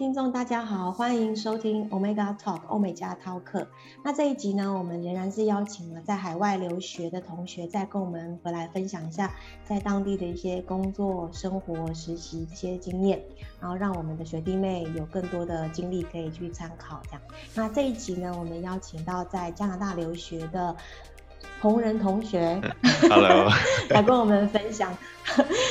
聽眾大家好，歡迎收聽 Omega Talk 歐美加 Talk。那這一集呢，我們仍然是邀請了在海外留學的同學，再跟我們回來分享一下在當地的一些工作、生活、實習一些經驗，然後讓我們的學弟妹有更多的經歷可以去參考。這樣，那這一集呢，我們邀請到在加拿大留學的。鵬仁同學，Hello，來 跟我們分享，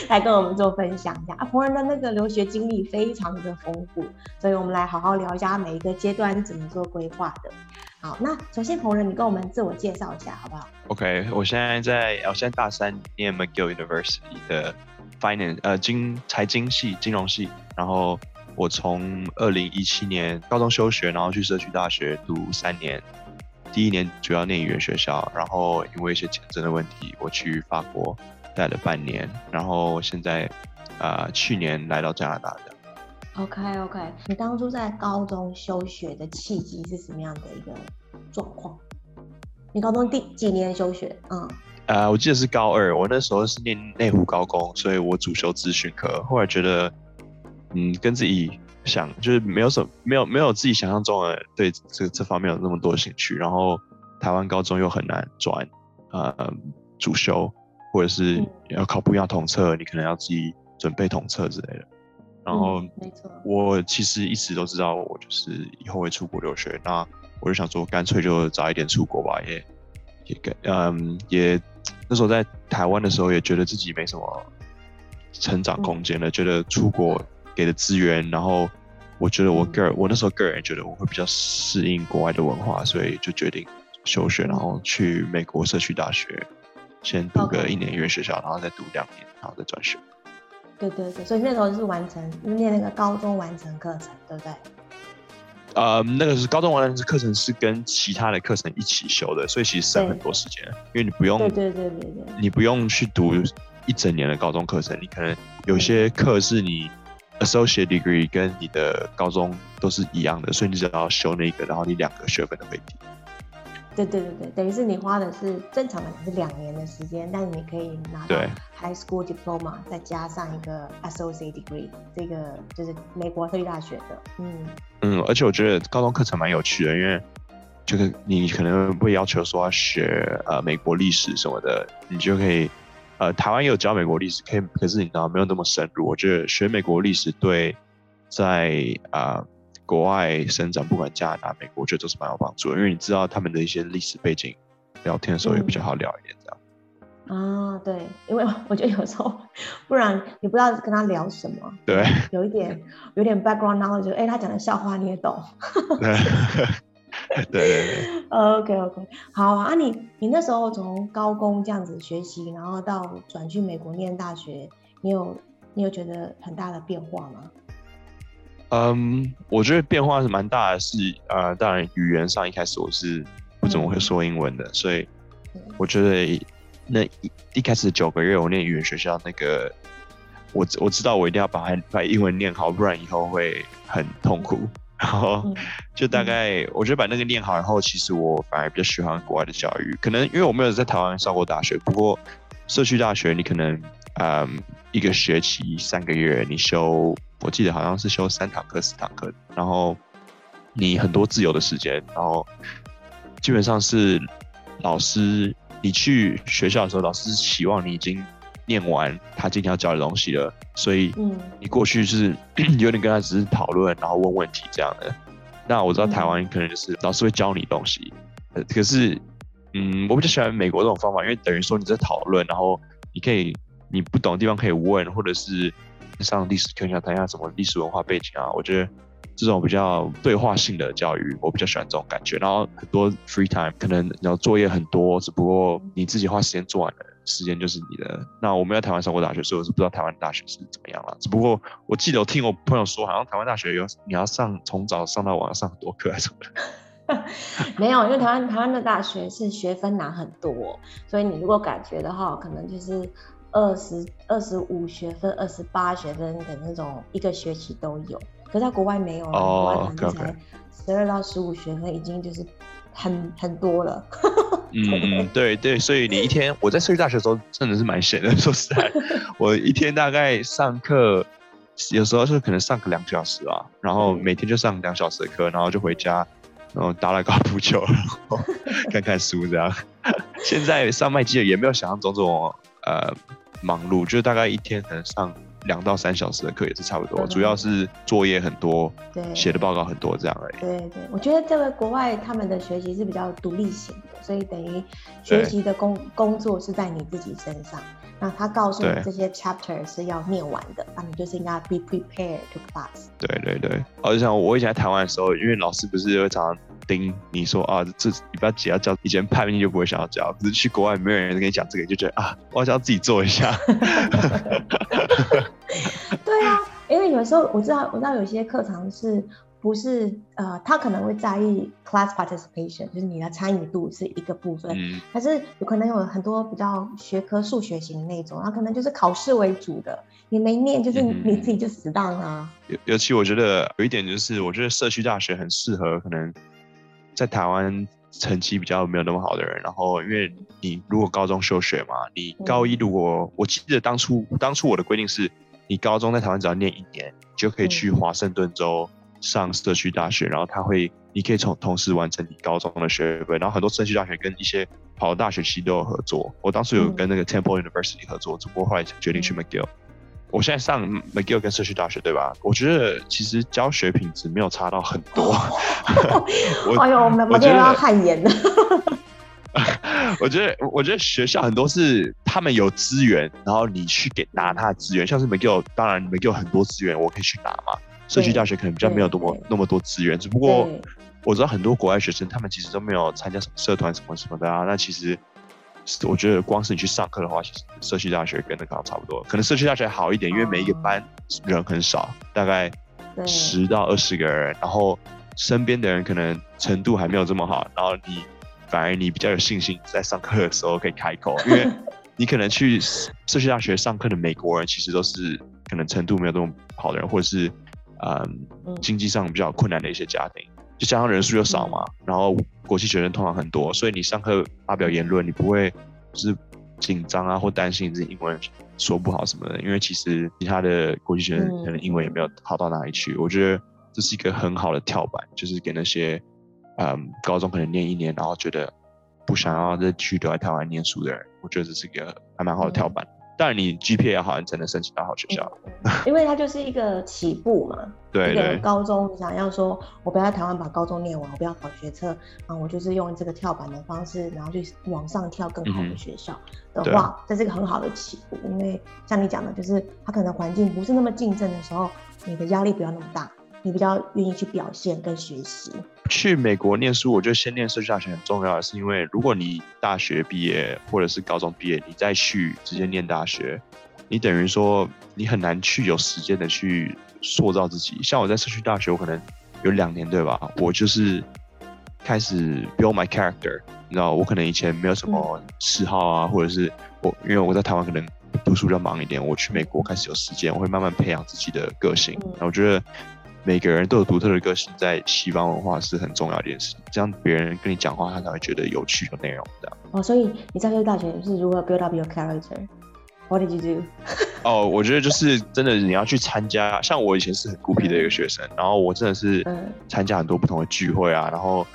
來跟我們做分享一下啊！鵬仁的那個留學經歷非常的豐富，所以我們來好好聊一下每一個階段是怎麼做規劃的。好，那首先鵬仁，你跟我們自我介紹一下好不好？OK，我現在在，我現在大三念 McGill University 的 finance，呃，金財經系，金融系。然後我從二零一七年高中休學，然後去社區大學讀三年。第一年主要念語言學校，然後因為一些簽證的問題，我去法國待了半年，然後現在，啊、呃，去年來到加拿大的。OK OK，你當初在高中休學的契機是什麼樣的一個狀況？你高中第幾年休學？嗯、呃，我記得是高二，我那時候是念內湖高工，所以我主修資訊科，後來覺得，嗯，跟自己。想就是沒有什麼，沒有沒有自己想象中的對這這方面有那麼多的興趣。然後台灣高中又很難轉呃、嗯、主修，或者是要考不一樣統測，你可能要自己準備統測之類的。然後、嗯、沒錯，我其實一直都知道我就是以後會出國留學，那我就想說乾脆就早一點出國吧。也也給嗯也那時候在台灣的時候也覺得自己沒什麼成長空間了，嗯、覺得出國給的資源，然後。我覺得我個人，嗯、我那時候個人也覺得我會比較適應國外的文化，所以就決定休學，然後去美國社區大學，先讀個一年語言學校，哦、然後再讀兩年，然後再轉學。對對對，所以那時候就是完成，念那個高中完成課程，對不對？呃、嗯，那個是高中完成課程是跟其他的課程一起修的，所以其實省很多時間，對因為你不用對對，對對對對，你不用去讀一整年的高中課程，你可能有些課是你。嗯 Associate degree 跟你的高中都是一樣的，所以你只要修那個，然後你兩個學分都沒丟。對對對對，等於是你花的是正常的，是兩年的時間，但是你可以拿到 High School Diploma，再加上一個 Associate degree，對這個就是美國私立大學的。嗯嗯，而且我覺得高中課程蠻有趣的，因為就是你可能會要求說要學呃美國歷史什麼的，你就可以。呃，台灣也有教美國歷史，可以，可是你知道沒有那麼深入。我覺得學美國歷史對在啊、呃、國外生長，不管加拿大、美國，我覺得都是蠻有幫助的，因為你知道他們的一些歷史背景，聊天的時候也比較好聊一點，這樣、嗯。啊，對，因為我覺得有時候，不然你不知道跟他聊什麼。對。有一點，有點 background knowledge，哎、欸，他講的笑話你也懂。對 。 對，對，對，OK OK，好啊，你、你你那時候從高工這樣子學習，然後到轉去美國念大學，你有你有覺得很大的變化嗎？嗯，我覺得變化是蠻大的是是、呃、啊，當然語言上一開始我是不怎麼會說英文的，嗯、所以我覺得那一一開始九個月我念語言學校那個，我我知道我一定要把把英文念好，不然以後會很痛苦。嗯 然後就大概，我覺得把那個念好。然後其實我反而比較喜歡國外的教育，可能因為我沒有在台灣上過大學。不過社區大學你可能，嗯，一個學期三個月，你修，我記得好像是修三堂課、四堂課，然後你很多自由的時間。然後基本上是老師，你去學校的時候，老師希望你已經念完他今天要教的東西了，所以你過去、就是、嗯、 有點跟他只是討論，然後問問題這樣的。那我知道台灣可能就是老師會教你東西，嗯、可是嗯，我比較喜歡美國這種方法，因為等於說你在討論，然後你可以你不懂的地方可以問，或者是上歷史課，你想談一下什麼歷史文化背景啊。我覺得這種比較對話性的教育，我比較喜歡這種感覺。然後很多 free time，可能然後作業很多，只不過你自己花時間做完了。時間就是你的。那我沒在台灣上過大學，所以我是不知道台灣大學是怎麼樣了。只不過我記得我聽我朋友說，好像台灣大學有你要上從早上到晚上很多課還是什麼？ 沒有，因為台灣台灣的大學是學分難很多，所以你如果感覺的話，可能就是二十二十五學分，二十八學分的那種一個學期都有。可是在國外沒有，哦，國外他才十二到十五學分已經就是。很很多了， 嗯嗯，對對，所以你一天我在社區大學的時候真的是蠻閒的。說實在，我一天大概上課，有時候是可能上個兩小時啊，然後每天就上兩小時的課，然後就回家，然後打了個高爾夫球，然後看看書這樣。 現在上麥基爾也沒有想象中種，種呃忙碌，就大概一天可能上。兩到三小時的課也是差不多，哦、主要是作業很多，對，寫的報告很多這樣而已。對對，我覺得這個國外他們的學習是比較獨立型的，所以等於學習的工對工作是在你自己身上。那他告訴你這些 chapter 是要念完的，那對、啊、你就是應該 be prepared to class。對對對，而且像我以前在台灣的時候，因為老師不是會常常叮你說啊，這你不要急要交，以前叛逆就不會想要教，只是去國外沒有人跟你講這個，就覺得啊，我還要自己做一下。 對啊，因為有時候我知道，我知道有些課程是不是呃，他可能會在意 class participation，就是你的參與度是一個部分，可、嗯、是有可能有很多比較學科數學型的那種，然後可能就是考試為主的，你沒念就是你自己就死當啊。尤、嗯、尤其我覺得有一點就是，我覺得社區大學很適合，可能在台灣。成績比較沒有那麼好的人，然後因為你如果高中休學嘛，你高一如果、嗯、我記得當初當初我的規定是，你高中在台灣只要念一年，就可以去華盛頓州上社區大學，然後他會你可以從同時完成你高中的學位。然後很多社區大學跟一些好的大學系都有合作，我當時有跟那個 Temple University 合作，只不過後來決定去 McGill。我現在上 McGill 跟社區大學，對吧？我覺得其實教學品質沒有差到很多。哇 我哎呦，我 McGill 要汗顏了。我覺得，我覺得學校很多是他們有資源，然後你去給拿他的資源。像是 McGill，當然 McGill 很多資源，我可以去拿嘛。嗯、社區大學可能比較沒有多麼、嗯、那麼多資源，只不過我知道很多國外學生，他們其實都沒有參加什麼社團，什麼什麼的啊。那其實。我覺得光是你去上課的話，其實社區大學跟那剛好差不多。可能社區大學好一點，因為每一個班人很少，嗯、大概十到二十個人，對然後身邊的人可能程度還沒有這麼好，嗯、然後你反而你比較有信心在上課的時候可以開口，因為你可能去社區大學上課的美國人其實都是可能程度沒有這麼好的人，或者是嗯經濟上比較困難的一些家庭。就加上人數又少嘛，然後國際學生通常很多，所以你上課發表言論，你不會就是緊張啊，或擔心自己英文說不好什麼的。因為其實其他的國際學生可能英文也沒有好到哪裡去。嗯、我覺得這是一個很好的跳板，就是給那些嗯高中可能念一年，然後覺得不想要再繼續留在台灣念書的人，我覺得這是一個還蠻好的跳板。嗯但你 GPA 要好，你才能申請到好學校，嗯。因為它就是一個起步嘛。對 對。一個高中你想要說，我不要在台灣把高中念完，我不要考學測。啊，我就是用這個跳板的方式，然後去往上跳更好的學校的話，嗯、這是一個很好的起步。因為像你講的，就是它可能環境不是那麼競爭的時候，你的壓力不要那麼大。你比較願意去表現跟學習。去美國念書，我覺得先念社區大學很重要的是因為，如果你大學畢業或者是高中畢業，你再去直接念大學，你等於說你很難去有時間的去塑造自己。像我在社區大學，我可能有兩年，對吧？我就是開始 build my character，你知道，我可能以前沒有什麼嗜好啊，嗯、或者是我因為我在台灣可能讀書比較忙一點，我去美國開始有時間，我會慢慢培養自己的個性。那、嗯、我覺得。每個人都有獨特的個性，在西方文化是很重要的一件事。這樣別人跟你講話，他才會覺得有趣的內容。這樣哦，所以你在這大學是如何 build up your character？What did you do？哦，我覺得就是 真的，你要去參加。像我以前是很孤僻的一個學生，嗯、然後我真的是參加很多不同的聚會啊，然後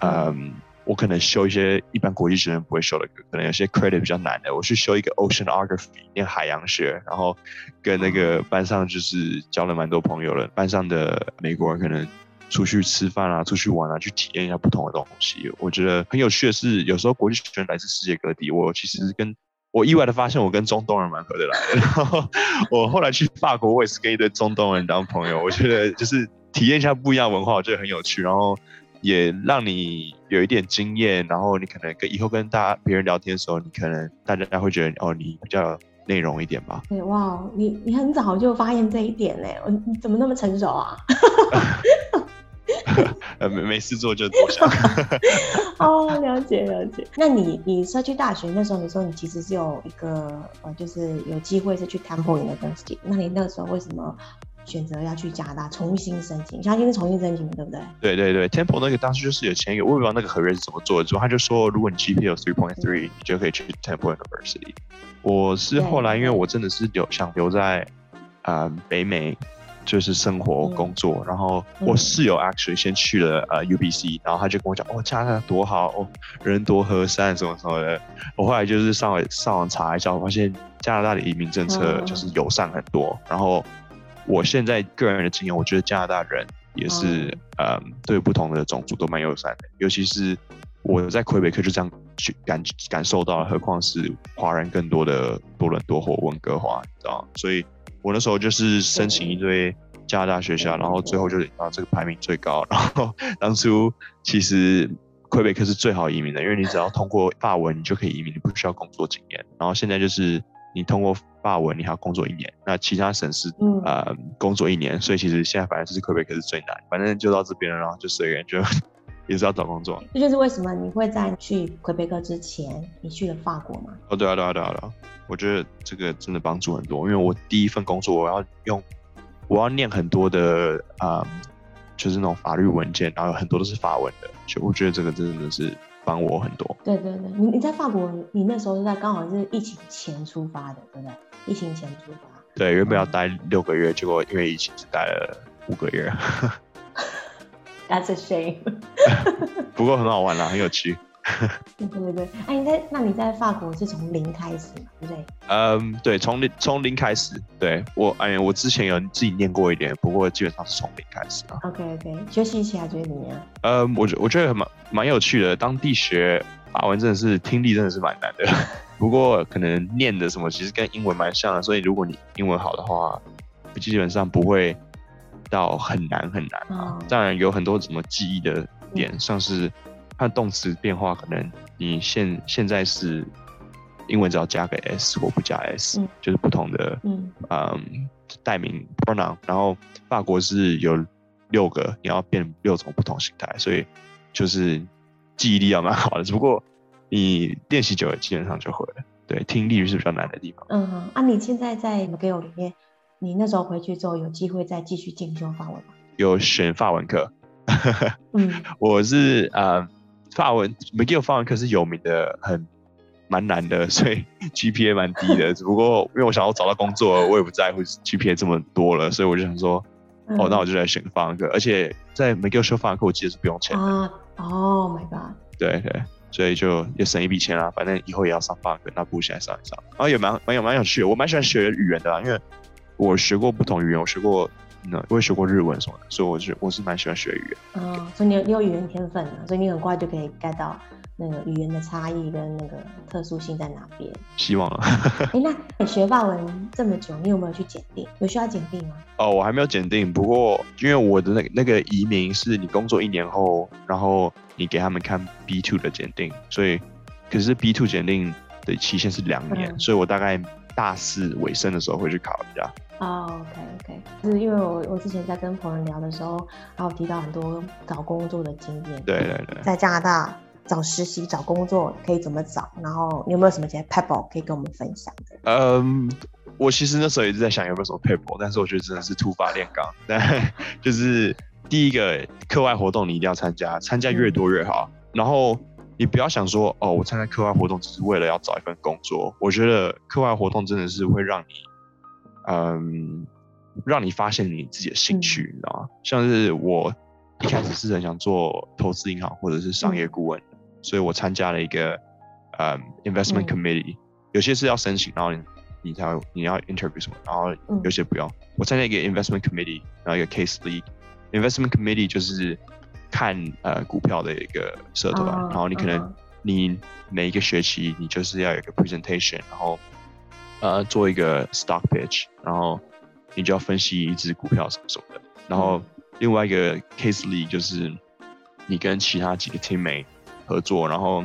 嗯。嗯我可能修一些一般國際學生不會修的，可能有些 credit 比較難的。我去修一個 Oceanography，念海洋學，然後跟那個班上就是交了蠻多朋友了。班上的美國人可能出去吃飯啊，出去玩啊，去體驗一下不同的東西。我覺得很有趣的是，有時候國際學生來自世界各地。我其實跟我意外的發現，我跟中東人蠻合得來的。然後我後來去法國，我也是跟一堆中東人當朋友。我覺得就是體驗一下不一樣文化，我覺得很有趣。然後。也讓你有一點經驗，然後你可能跟以後跟大家別人聊天的時候，你可能大家會覺得哦，你比較有內容一點吧。對哇，你你很早就發現這一點嘞，我你怎麼那麼成熟啊？沒沒事做就多想。 哦，了解了解。那你你說去大學那時候，你說你其實是有一個呃，就是有機會是去談破隱的東西，那你那時候為什麼？選擇要去加拿大重新申請，像因為重新申請，對不對？對對對，Temple 那個當時就是有前一個我不知道那個合約是怎麼做的，之後他就說，如果你 GPA 有 three point three，你就可以去 Temple University。我是後來，因為我真的是留對對對想留在、嗯、北美，就是生活工作。然後我室友 actually 先去了呃 UBC，、嗯、然後他就跟我講，哦加拿大多好，哦人多和善，什麼什麼的。我後來就是上網上網查一下，我發現加拿大的移民政策就是友善很多，嗯、然後。我現在個人的經驗，我覺得加拿大人也是，嗯、oh. 呃，對不同的種族都蠻友善的。尤其是我在魁北克就這樣去感感受到了，何況是華人更多的多倫多或溫哥華，你知道嗎？所以我那時候就是申請一堆加拿大學校，對然後最後就是啊這個排名最高。然後當初其實魁北克是最好移民的，因為你只要通過法文，你就可以移民，你不需要工作經驗。然後現在就是。你通過法文，你還要工作一年；那其他省市啊、嗯呃，工作一年。所以其實現在反而是魁北克是最難。反正就到這邊了，然後就隨緣，就也是要找工作。這就是為什麼你會在去魁北克之前，你去了法國嘛？哦，對啊，對啊，對啊，對啊！我覺得這個真的幫助很多，因為我第一份工作我要用，我要念很多的啊、嗯，就是那種法律文件，然後有很多都是法文的，就我覺得這個真的是。幫我很多，對對對，你你在法國，你那時候是在剛好是疫情前出發的，對不對？疫情前出發，對，原本要待六個月，嗯、結果因為疫情只待了五個月。 That's a shame 。不過很好玩啦，很有趣。 對對對，哎、啊，那那你在法國是從零、嗯、零,零開始嘛，對不對？嗯，對，從零從零開始，對我哎呀，我之前有自己念過一點，不過基本上是從零開始啊。OK OK，學習起來覺得怎麼樣？嗯、我覺我覺得蠻蠻有趣的，當地學法文真的是聽力真的是蠻難的， 不過可能念的什麼其實跟英文蠻像的，所以如果你英文好的話，基本上不會到很難很難啊。當然、哦、有很多什麼記憶的點，嗯、像是。那動詞變化可能，你現現在是英文只要加個 s 或不加 s，嗯，就是不同的嗯，呃，代名 pronoun。然後法國是有六個，你要變六種不同形態，所以就是記憶力要蠻好的。只不過你練習久了，基本上就會了。對，聽力是比較難的地方。嗯，啊，你現在在 McGill 裡面，你那時候回去之後有機會再繼續進修法文嗎？有選法文課，嗯。 嗯，我是啊。法文，McGill 法文可是有名的，很蠻難的，所以 GPA 蠻低的。只不過因為我想要找到工作了，我也不在乎 GPA 這麼多了，所以我就想說，嗯、哦，那我就來選法文課。而且在 McGill 修法文課，我其實是不用錢啊。哦、uh, oh、My God 對對，所以就也省一筆錢啦。反正以後也要上法文課，那不如現在上一上。然、哦、也蠻蠻有蠻有趣的，我蠻喜歡學語言的啦，因為我學過不同語言，我學過。No, 我也學過日文什麼的，所以我是我是蠻喜歡學語言啊。哦、你所以你有你有語言天分、啊、所以你很快就可以 get 到那個語言的差異跟那個特殊性在哪邊。希望啊。哎、 欸，那你學法文這麼久，你有沒有去檢定？有需要檢定嗎？哦，我還沒有檢定。不過因為我的那那個移民是你工作一年後，然後你給他們看 B2 的檢定，所以可是 B2 檢定的期限是兩年，嗯、所以我大概，大四尾聲的時候會去考一下。哦、oh，OK OK，是因為我我之前在跟朋友聊的時候，然後提到很多找工作的經驗。對對對，在加拿大找實習、找工作可以怎麼找？然後你有沒有什麼其他 pebble 可以跟我們分享的？嗯，um, 我其實那時候一直在想有沒有什麼 pebble，但是我覺得真的是突發練鋼，但就是第一個課外活動你一定要參加，參加越多越好。嗯、然後。你不要想說哦，我參加課外活動只是為了要找一份工作。我覺得課外活動真的是會讓你，嗯，讓你發現你自己的興趣，嗯、你知道嗎？像是我一開始是很想做投資銀行或者是商業顧問的，嗯、所以我參加了一個嗯，investment committee，嗯，有些是要申請，然後你你才你要要 interview 什麼，然後有些不要。嗯、我參加一個 investment committee，然後一個 case league。investment committee 就是，看呃股票的一個社團，oh, 然後你可能你每一個學期你就是要有一個 presentation，然後呃做一個 stock pitch，然後你就要分析一隻股票什麼什麼的。然後另外一個 case league 就是你跟其他幾個 teammate 合作，然後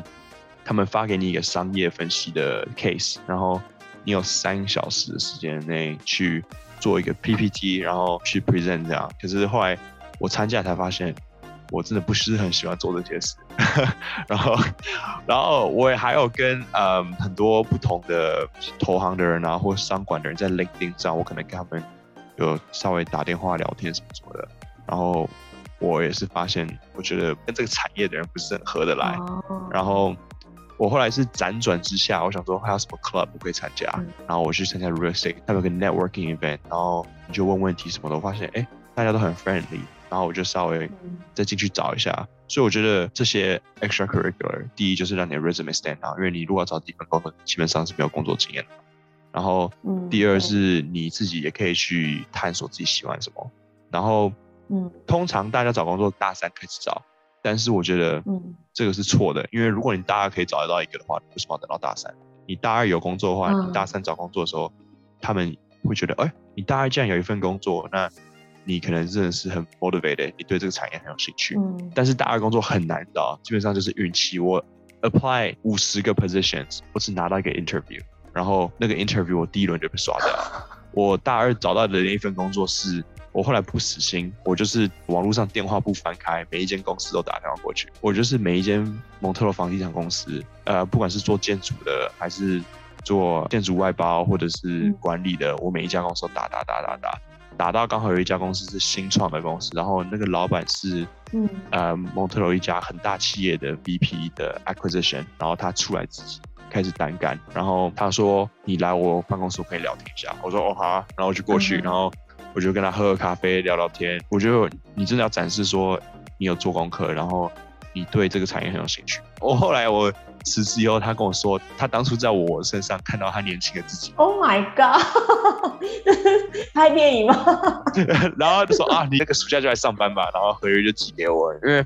他們發給你一個商業分析的 case，然後你有三小時的時間內去做一個 PPT，然後去 present 這樣。可是後來我參加了才發現。我真的不是很喜歡做這些事，呵呵然後，然後我也還有跟嗯很多不同的投行的人啊，或商管的人在 LinkedIn 上，我可能跟他們有稍微打電話聊天什麼什麼的。然後我也是發現，我覺得跟這個產業的人不是很合得來。哦、然後我後來是輾轉之下，我想說還有什麼 club 可以參加，嗯、然後我去參加 Real Estate，他有個 networking event，然後就問問題什麼的，我發現哎大家都很 friendly。然後我就稍微再進去找一下，嗯、所以我覺得這些 extracurricular，第一就是讓你的 resume stand out，因為你如果要找第一份工作，基本上是沒有工作經驗的。然後，嗯，第二是你自己也可以去探索自己喜歡什麼。然後，嗯，通常大家找工作大三開始找，但是我覺得這個是錯的，嗯、因為如果你大二可以找得到一個的話，你為什麼要等到大三？你大二有工作的話，你大三找工作的時候，啊、他們會覺得，哎，你大二竟然有一份工作，那。你可能真的是很 motivated，你對這個產業很有興趣。嗯，但是大二工作很難的，基本上就是運氣。我 apply 五十個 positions，我只拿到一個 interview，然後那個 interview 我第一輪就被刷掉了。 我大二找到的那一份工作是，我後來不死心，我就是網絡上電話簿翻開，每一間公司都打電話過去。我就是每一間蒙特羅房地產公司，呃，不管是做建築的，還是做建築外包或者是管理的，嗯、我每一家公司都打打打打打，打。打到剛好有一家公司是新創的公司，然後那個老闆是，嗯，呃，蒙特婁一家很大企業的 VP 的 acquisition，然後他出來自己開始單幹，然後他說：“你來我辦公室我可以聊天一下。”我說：“哦，好啊。”然後我就過去，嗯、然後我就跟他喝喝咖啡聊聊天。我覺得你真的要展示說你有做功課，然後你對這個產業很有興趣。我後來我。辭職以後，他跟我說，他當初在我身上看到他年輕的自己。Oh my god！ 拍電影嗎？ 然後就說啊，你那個暑假就來上班吧。然後合約就寄給我，因為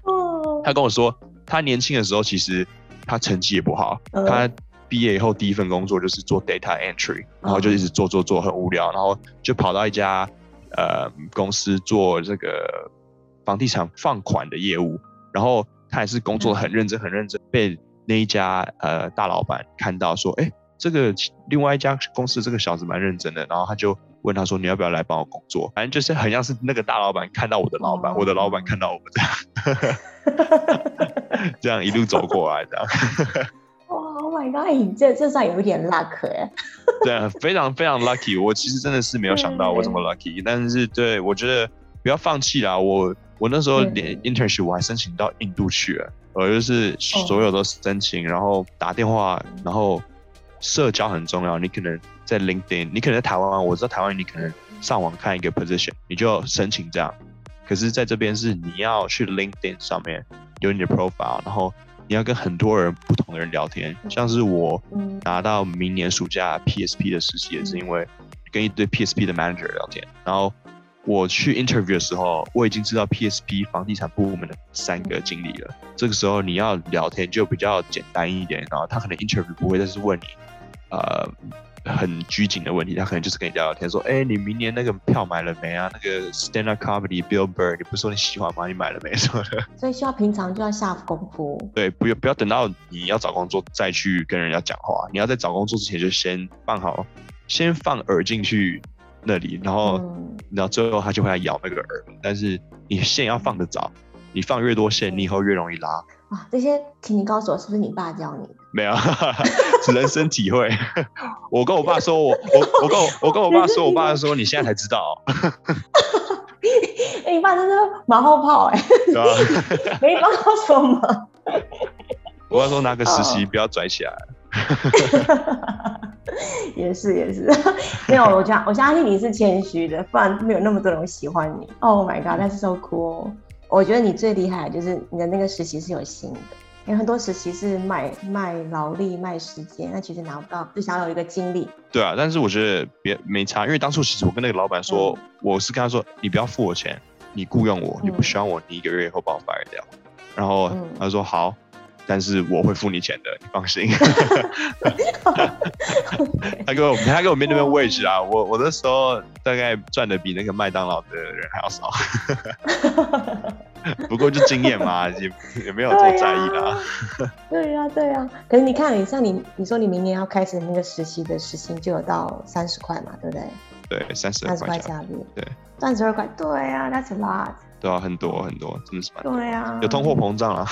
他跟我說，他年輕的時候其實他成績也不好。Oh. 他畢業以後第一份工作就是做 data entry，然後就一直做做做，很無聊。然後就跑到一家呃公司做這個房地產放款的業務。然後他也是工作很認真，嗯、很認真被。那一家呃大老闆看到說，哎、欸，這個另外一家公司這個小子蠻認真的，然後他就問他說，你要不要來幫我工作？反正就是很像是那個大老闆看到我的老闆，Wow. 我的老闆看到我們這樣，呵呵 這樣一路走過來這樣哇、 wow, Oh my god！你這這算有點 luck 哎。 對啊，非常非常 lucky。我其實真的是沒有想到我這麼 lucky，對但是對，我覺得不要放棄啦。我我那時候連 internship 我還申請到印度去了。呃，就是所有都申請，oh. 然後打電話，然後社交很重要。你可能在 LinkedIn，你可能在台灣，玩，我知道台灣，你可能上網看一個 position，你就申請這樣。可是在這邊是你要去 LinkedIn 上面有你的 profile，然後你要跟很多人不同的人聊天。像是我拿到明年暑假 PSP 的實習，也是因為跟一堆 PSP 的 manager 聊天，然後。我去 interview 的時候，我已經知道 PSP 房地產部門的三個經理了。這個時候你要聊天就比較簡單一點，然後他可能 interview 不會，但是問你，呃，很拘謹的問題，他可能就是跟你聊聊天，說，哎，你明年那個票買了沒啊？那個 stand up comedy Bill Burr 你不是說你喜歡嗎？你買了沒什麼的？所以需要平常就要下功夫。對，不要不要等到你要找工作再去跟人家講話，你要在找工作之前就先放好，先放耳進去。那裡，然後，嗯、然後最後他就會來咬那個餌。但是你線要放得早，你放越多線，你以後越容易拉。哇，這些請你告訴我，是不是你爸教你的？沒有，是人生體會。 我跟我爸說，我我我跟，我，我，跟我，我跟我爸說，我爸說你現在才知道。 欸、你爸真的馬後炮哎、欸，啊、 沒幫到什麼。 我爸說拿個實習，oh. 不要拽起來 也是也是，沒有，我相我相信你是謙虛的，不然沒有那麼多人會喜歡你。Oh my god！但是受苦哦。我覺得你最厲害就是你的那個實習是有心的，因為很多實習是賣賣勞力賣時間，那其實拿不到，就想要有一個經歷。對啊，但是我覺得別沒差，因為當初其實我跟那個老闆說，嗯、我是跟他說，你不要付我錢，你僱傭我，嗯、你不需要我，你一個月以後把我 fire 掉。然後他說好。但是我會付你錢的，你放心。他給我，他給我 minimum wage 啊，我我那時候大概賺的比那個麥當勞的人還要少。 不過就經驗嘛，也也沒有這麼在意啦、啊啊。對呀、啊，對呀、啊。可是你看，像你，你說你明年要開始那個實習的時薪就有到三十塊嘛，對不對？對，三十。三十塊加幣。對，三十二塊。對呀，That's a lot。對啊，很多很多，真的是蠻多。對呀、啊。有通貨膨脹啊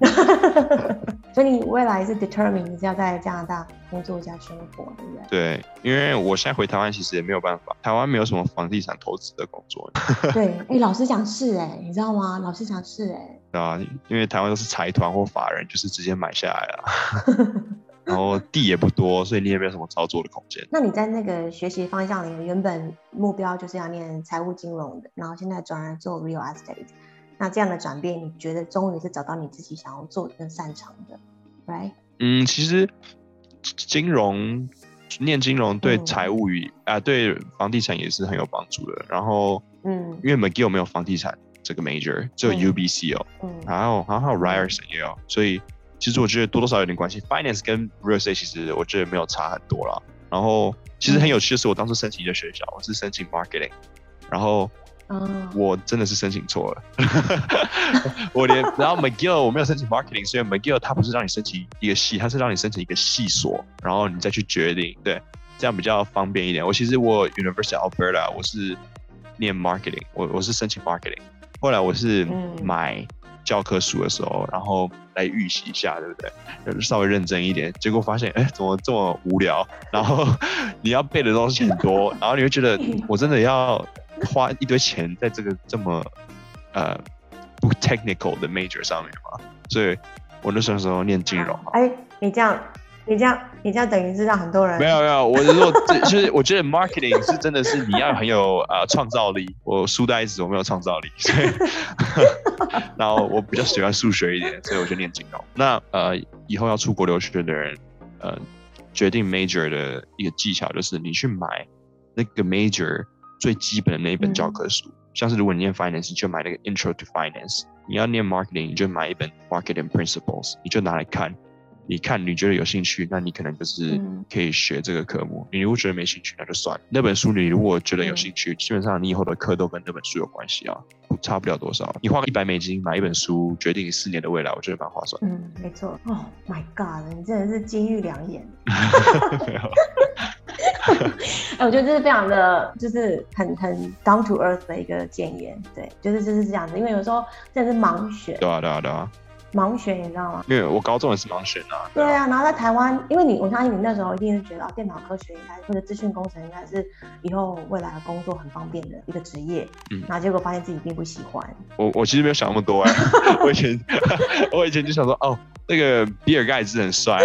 所以你未來是 determine 你是要在加拿大工作加生活，對不對？對，因為我現在回台灣其實也沒有辦法，台灣沒有什麼房地產投資的工作。對，哎，老師想試。哎，你知道嗎？老師想試哎，對啊，因為台灣都是財團或法人，就是直接買下來了， 然後地也不多，所以你也沒有什麼操作的空間。那你在那個學習方向裡面，原本目標就是要念財務金融的，然後現在轉而做 real estate。那這樣的轉變，你覺得終於是找到你自己想要做更擅長的，right？嗯，其實金融念金融對財務與、嗯、啊，對房地產也是很有幫助的。然後嗯，因為 McGill 沒有房地產這個 major，只有 UBC 哦、嗯，然後，然後還有 Ryerson 也有、哦，嗯、所以其實我覺得多多少少有點關係。Finance 跟 Real Estate 其實我覺得沒有差很多了。然後其實很有趣的、嗯、是，我當時申請的學校我是申請 Marketing，然後。Oh. 我真的是申請錯了， 我連然後 McGill 我沒有申請 Marketing，所以 McGill 它不是讓你申請一個系，它是讓你申請一個系所，然後你再去決定，對，這樣比較方便一點。我其實我 University of Alberta 我是念 Marketing，我我是申請 Marketing，後來我是買教科書的時候，然後來預習一下，對不對？稍微認真一點，結果發現，哎、欸，怎麼這麼無聊？然後 你要背的東西很多，然後你會覺得我真的要。花一堆錢在這個這麼呃不 technical 的 major 上面嘛，所以我那時候念金融嘛。哎、欸，你這樣，你這樣，你這樣等於是讓很多人沒有沒有，我是說 就，就是我覺得 marketing 是真的是你要很有啊呃創造力。我書呆子，我沒有創造力，所以 然後我比較喜歡數學一點，所以我就念金融。那呃以後要出國留學的人，呃決定 major 的一個技巧就是你去買那個 major。最基本的那一本教科書，嗯、像是如果你念 finance 你就買那個 Intro to Finance，你要念 marketing 你就買一本 Marketing Principles，你就拿來看，你看你覺得有興趣，那你可能就是可以學這個科目。嗯、你如果覺得沒興趣，那就算。那本書你如果覺得有興趣，嗯、基本上你以後的課都跟那本書有關係啊，差不了多少。你花個一百美金買一本書，決定你四年的未來，我覺得蠻划算。嗯，沒錯。Oh my God，你真的是金玉良言。沒有。哎、 欸，我覺得這是非常的就是很很 down to earth 的一個建言，對，就是就是這樣子。因為有時候真是盲選，對啊對啊對啊，對啊對啊盲選你知道嗎？因為我高中也是盲選啊。對啊，然後在台灣，因為你我相信你那時候一定是覺得啊，電腦科學應該或者資訊工程應該是以後未來的工作很方便的一個職業，嗯。然後結果發現自己並不喜歡。我我其實沒有想那麼多、欸， 我以前我以前就想說，哦，那個比爾蓋茨很帥，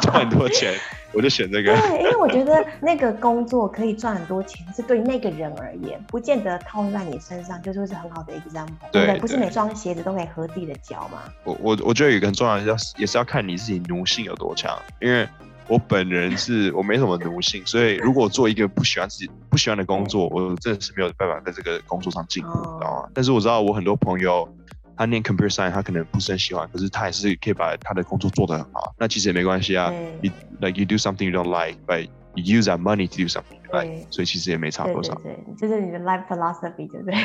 賺很多錢。 我就選這個，對，因為我覺得那個工作可以賺很多錢， 是對那個人而言，不見得套在你身上就是會是很好的 example 對不對？不是每雙鞋子都可以合自己的腳嗎？我我我覺得有一個很重要的要也是要看你自己奴性有多強，因為我本人是，我沒什麼奴性，對所以如果做一個不喜歡自己不喜歡的工作，我真的是沒有辦法在這個工作上進步，哦、你知道嗎？但是我知道我很多朋友。他念 Computer Science，他可能不是很喜歡，可是他也是可以把他的工作做得很好。那其實也沒關係啊。你對 Like you do something you don't like, but you use that money to do something you like, 對。right? 所以其實也沒差多少。對，對，對就是你的 life philosophy，對不對？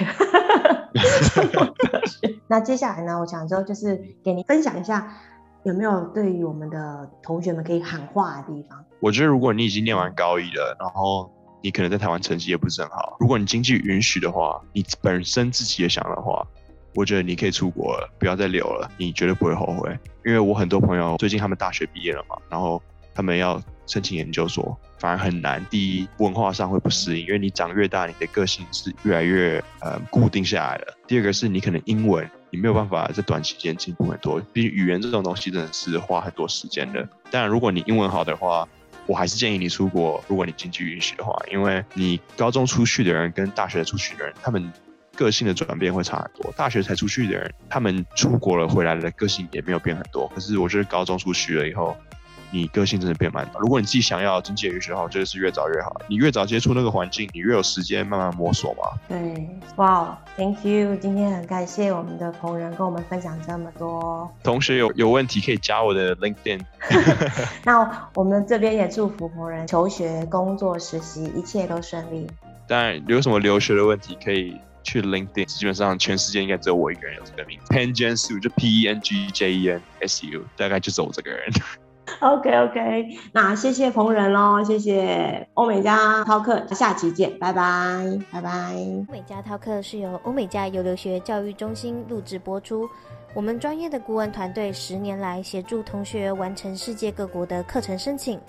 那接下來呢，我想說就是給你分享一下，有沒有對於我們的同學們可以喊話的地方？我覺得如果你已經念完高一了，然後你可能在台灣成績也不是很好，如果你經濟允許的話，你本身自己也想的話。我覺得你可以出國了，不要再留了，你絕對不會後悔。因為我很多朋友最近他們大學畢業了嘛，然後他們要申請研究所，反而很難。第一，文化上會不適應，因為你長越大，你的個性是越來越呃固定下來了。第二個是你可能英文你沒有辦法在短期間進步很多，畢竟語言這種東西真的是花很多時間的。當然，如果你英文好的話，我還是建議你出國，如果你經濟允許的話，因為你高中出去的人跟大學出去的人，他們，個性的轉變會差很多。大學才出去的人，他們出國了回來了，個性也沒有變很多。可是我覺得高中出去了以後，你個性真的變蠻大。如果你自己想要經濟允許的話，真的是越早越好。你越早接觸那個環境，你越有時間慢慢摸索嘛。對，哇哦，Thank you，今天很感謝我們的鵬仁跟我們分享這麼多哦。同學有有問題可以加我的 LinkedIn。 那我們這邊也祝福鵬仁求學、工作、實習，一切都順利。當然，有什麼留學的問題可以去 LinkedIn，基本上全世界應該只有我一個人有這個名 Peng Jen Su 就 P E N G J E N S U，大概就是我這個人。OK OK，那謝謝鵬仁嘍，謝謝歐美加饕客，下期見，拜拜拜拜。歐美加饕客是由歐美加遊留學教育中心錄制播出，我們專業的顧問團隊十年來協助同學完成世界各國的課程申請。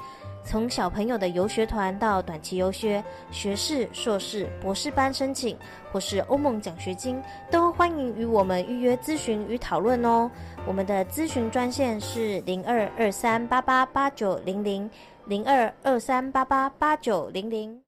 從小朋友的遊學團到短期遊學、學士、碩士、博士班申請，或是歐盟獎學金，都歡迎與我們預約諮詢與討論哦。我們的諮詢專線是零二二三八八八九零零，零二二三八八八九零零。